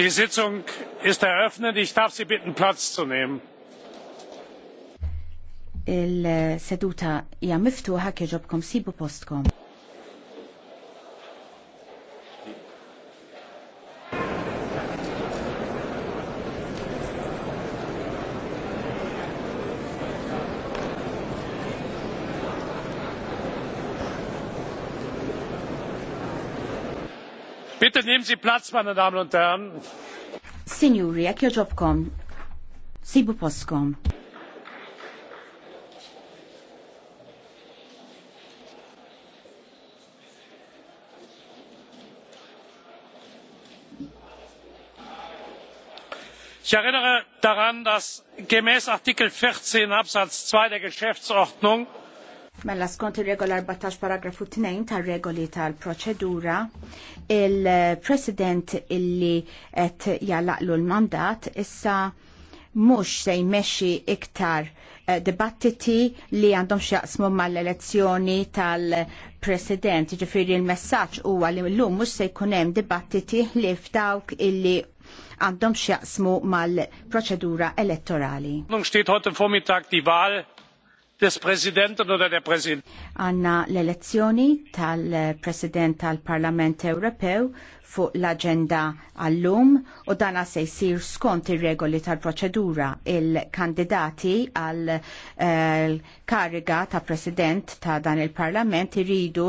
die sitzung ist eröffnet ich darf sie bitten platz zu nehmen il-seduta hija miftuħa kieġobkom sibu postkom Bitte nehmen Sie Platz, meine Damen und Herren. Signori, jekk joġobkom, sibu poskom. ich erinnere daran dass gemäß artikel 14 absatz 2 der geschäftsordnung Mela skont ir-regola 14 paragrafu 2 tar-regoli tal-proċedura, il-President illi qed jalaqlu l-mandat issa mhux se jmexxi iktar eh, dibattiti li għandhom xjaqsmu mal-elezzjoni tal-President. Ġifieri l-messaġġ huwa li llum mhux se jkun hemm dibattiti li f'dawk illi għandhom xjaqsmu mal-proċedura elettorali. Nun steht heute Vormittag die Wahl des oder der Għanna l-elezzjoni tal-President tal-Parlament Ewropew fuq l-agenda għallum u dana se jisir skont ir-regoli tal-proċedura. Il-kandidati għal-kariga eh, ta' President ta' dan il-Parlament iridu